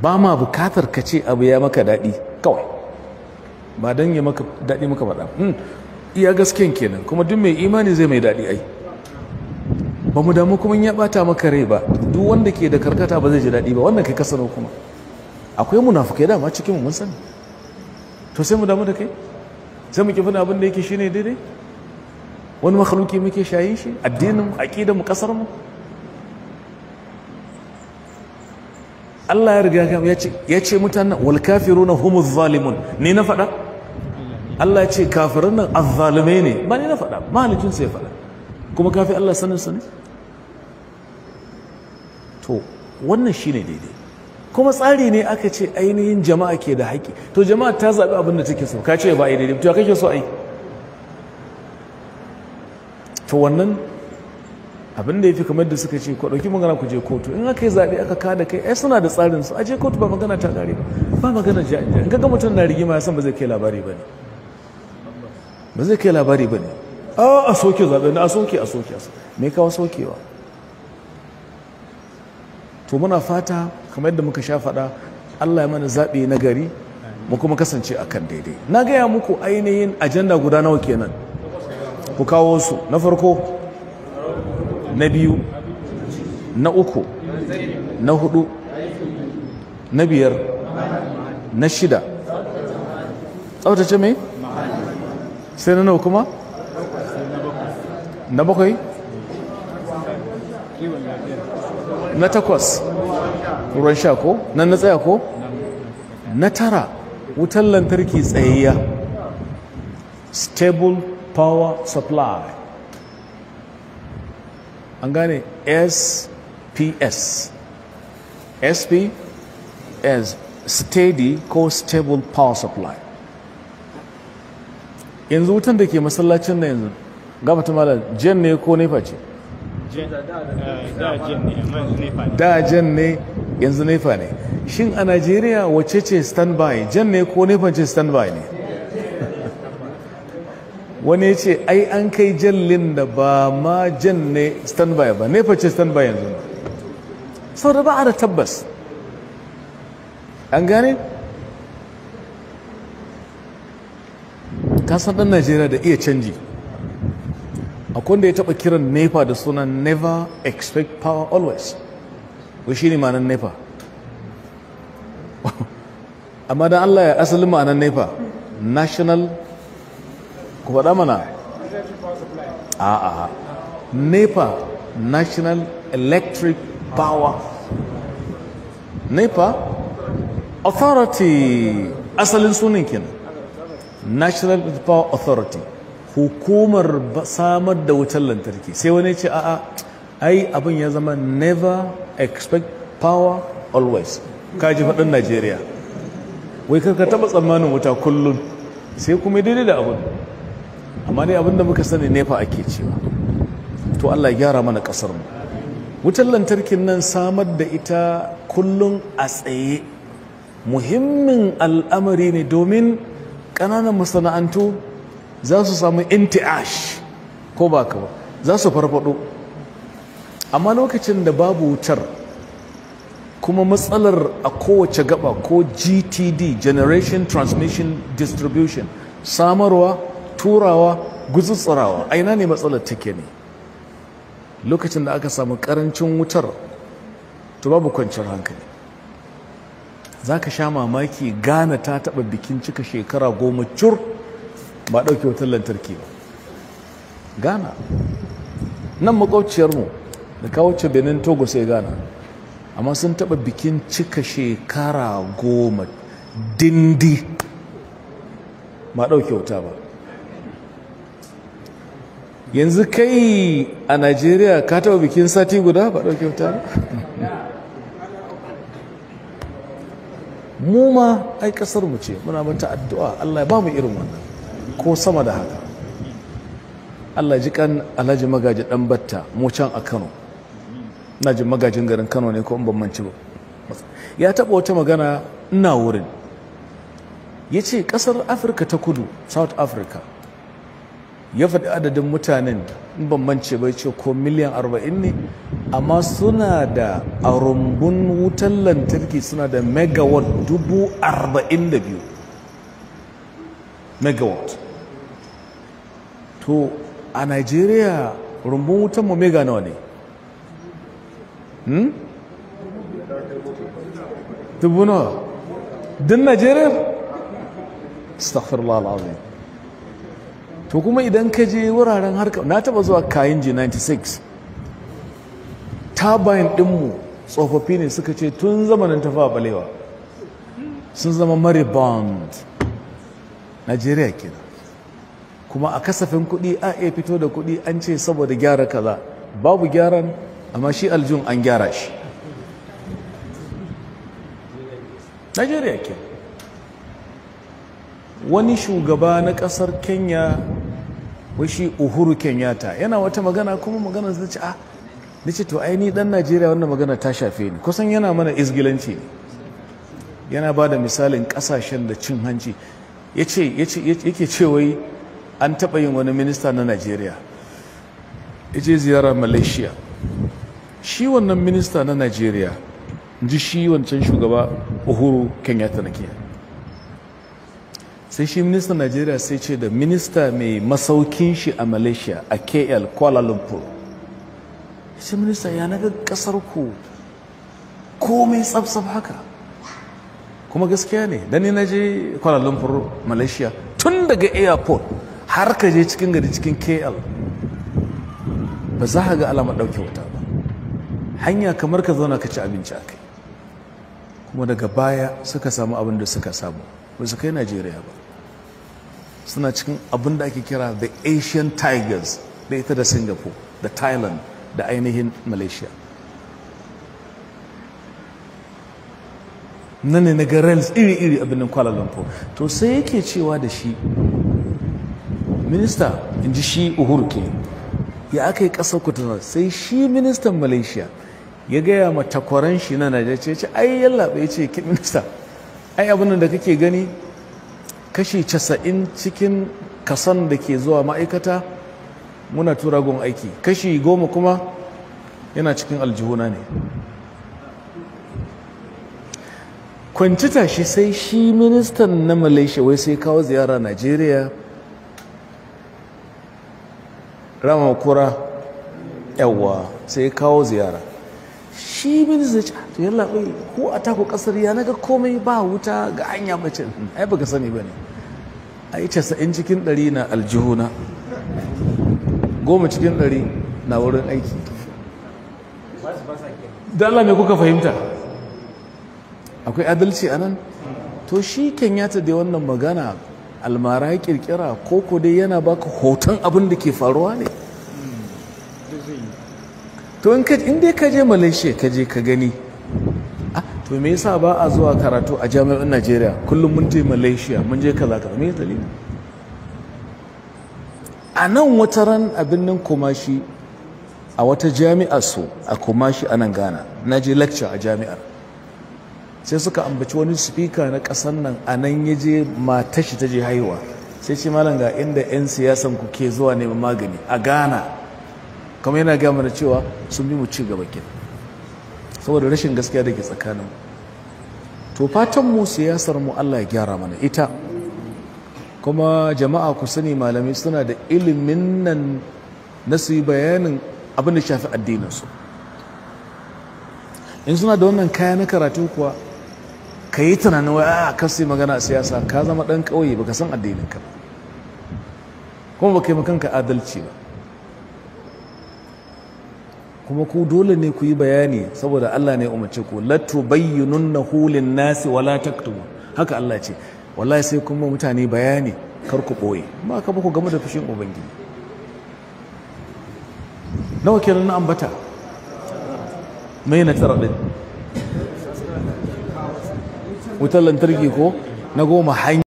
ba ma bukatar ka ce abu ya maka daɗi kawai ba don ya maka daɗi maka faɗa hmm. iya gasken kenan kuma duk mai imani zai mai daɗi ai ba mu damu kuma ya ɓata maka rai ba duk wanda ke da karkata ba zai ji daɗi ba wannan kai kasano kuma akwai munafukai dama cikin mun sani to sai mu damu da kai sai mu kifin abin da yake shine daidai wani makhluki muke shayin shi addinin mu aqidan mu kasar mu Allah ya riga ya ce ya ce mutanen wal kafiruna humus zalimun ne na faɗa Allah ya ce kafirin nan azzalume ne ba ne na faɗa mahalicin sai faɗa kuma kafi Allah sanin sa ne to wannan shi ne daidai kuma tsari ne aka ce ainihin jama'a ke da haƙƙi to jama'a ta zaɓi abin da take so ka ce ba a yi daidai to ya kake so a yi? to wannan abin da ya fi kamar da suka ce ku ɗauki magana ku je kotu in aka yi zaɓe aka ka da kai ai suna da tsarin su a je kotu ba magana ta ƙare ba ba magana ja in ga mutum na rigima ya san ba zai kai labari ba ne ba zai kai labari ba ne a soke zaɓe na a soke a soke a soke me kawo sokewa to muna fata kamar yadda muka sha faɗa Allah ya mana zaɓe na gari mu kuma kasance a kan daidai na gaya muku ainihin ajanda guda nawa kenan ku kawo su na farko na biyu na uku na hudu na biyar na shida tsautace mai sai na nawa kuma na bakwai na takwas ruwan sha ko nan na tsaya ko na tara wutar lantarki tsayayya stable power supply an gane sps sp as steady ko stable power supply yanzu wutan da ke masallacin na yanzu gaba ta malar jen ne ko nefa ce eh, da jen ne yanzu nefa ne shin a najeriya wace ce standby jen ne ko nefa ce standby ne wani ya ce ai an kai jallin da ba ma jan ne standby ba ne face standby yanzu sau da ba a da tabbas an gane kasar ɗan najeriya da iya canji akwai wanda ya taɓa kiran nepa da suna never expect power always ko shi ne ma'anar nepa amma dan allah ya asalin ma'anar nepa national ku faɗa mana a'a nepa national electric power nepa authority asalin sunan kenan national power authority hukumar samar da wutar lantarki sai wani ce a ai abin ya zama never expect power always kaji faɗin nigeria wai karka taɓa tsammanin wuta kullum sai kuma daidai da abin amma ne abinda muka sani nefa ake cewa to Allah ya gyara mana kasar mu wutar lantarkin nan samar da ita kullum a tsaye muhimmin al'amari ne domin ƙananan masana'antu za su samu inti'ash ko ba ka ba za su farfado amma lokacin da babu wutar kuma matsalar a kowace gaba ko gtd generation transmission distribution samarwa turawa A ina ne matsalar take ne lokacin da aka samu karancin wutar to babu kwanciyar hankali za ka sha mamaki gana ta taɓa bikin cika shekara goma cur ba ɗauke wutar lantarki ba gana nan makwabciyarmu da kawace benin togo sai gana amma sun taɓa bikin cika shekara goma dindi ba ɗauke wuta ba yanzu kai a najeriya ka taɓa bikin sati guda ba ɗauke wuta mu ma ai ƙasar mu ce muna mata addu'a allah ya ba mu irin wannan ko sama da haka allah ji kan alhaji magaji ɗan batta mu can a kano na ji magajin garin kano ne ko in ban manci ba ya taɓa wata magana ina wurin ya ce ƙasar afirka ta kudu south africa ya faɗi adadin mutanen in ban mance bai ce ko miliyan arba'in ne amma suna da a rumbun wutan lantarki suna da megawatt dubu arba'in da biyu megawatt to a nigeria rumbun wutan mu mega nawa ne hmm? dubu nawa din nigeria astaghfirullah al'azim to kuma idan ka je wuraren harka na taba zuwa kayan ji 96 tabayin ɗinmu tsofaffi ne suka ce tun zamanin tafa balewa sun zama maribond najeriya kenan kuma a kasafin kuɗi a iya fito da kuɗi an ce saboda gyara kaza babu gyaran amma shi aljun an gyara shi nigeria kenan wani shugaba na ƙasar kenya wai shi uhuru kenyatta yana wata magana kuma magana zai ce ah na to ai ni dan najeriya wannan magana ta shafe ni kusan yana mana izgilanci yana ba da misalin kasashen da cin hanci ya ce yake ce wai an taba yin wani minista na najeriya yace ziyara malaysia shi wannan minista na najeriya ji shi wancan shugaba uhuru kenyatta na sai shi ministan najeriya sai ce da minista mai masaukin shi a malaysia a kl kuala lumpur shi minista ya naga kasar ku komai tsabtsab haka kuma gaskiya ne da ni na kuala lumpur malaysia tun daga airport har ka je cikin gari cikin kl ba za ka ga alamar ɗauke wuta ba hanya kamar ka zauna ka ci abinci a kai kuma daga baya suka samu abin da suka samu ba su kai najeriya ba suna cikin abin da ake kira the asian tigers da ita da singapore da thailand da ainihin malaysia nan ne na ga iri-iri a birnin kuala lumpur to sai yake cewa da shi minista in ji shi uhuru ke ya aka yi ƙasar kutuna sai shi ministan malaysia ya gaya ma takwaran shi na Najeriya. ce ai yalla ya ce minista ai abin da kake gani kashi casa'in cikin kasan da ke zuwa ma'aikata muna tura gun aiki kashi goma kuma yana cikin aljihuna ne kwanci shi sai shi ministan na malaysia wai sai kawo ziyara najeriya rama kura yawa sai kawo ziyara shi minista ce to yalla bai ko a taku kasar ya naga komai ba wuta ga anya bace ai baka sani bane ai 90 cikin 100 na aljuhuna goma cikin 100 na wurin aiki da Allah me kuka fahimta akwai adalci anan to shi kenyata da wannan magana almara ya kirkira koko dai yana baka hoton abin da ke faruwa ne to in dai ka je malaysia ka je ka gani ah, to me yasa ba a zuwa karatu a jami'in najeriya kullum mun je malaysia mun je kaza kaza me dalili a nan wata ran abin nan kumashi a wata jami'ar su a kumashi a nan ghana na je lecture a jami'ar sai suka ambaci wani speaker na kasan nan a nan ya je matashi ta je haihuwa sai ce malam ga inda 'yan siyasan ku ke zuwa neman magani a ghana kamar yana gaya mana cewa sun bi mu ci gaba ke saboda rashin gaskiya da ke tsakanin to fatan mu siyasar mu Allah ya gyara mana ita kuma jama'a ku sani malamai suna da ilimin nan na su yi bayanin abin da shafi su in suna da wannan kaya na karatu kuwa ka yi tunanin wai a ah, kasi magana a siyasa ka zama ɗan ƙauye baka san addinin ka kuma baka yi makanka adalci ba kuma ku dole ne ku yi bayani saboda Allah ne umarci ku na hulin nasi wala haka Allah ce wala sai kuma mutane bayani kar ku ɓoye ba ka ba ku gama da fushin ubangiji nawa kenan na ambata mai na tsara ɗin wutar lantarki ko na goma hanya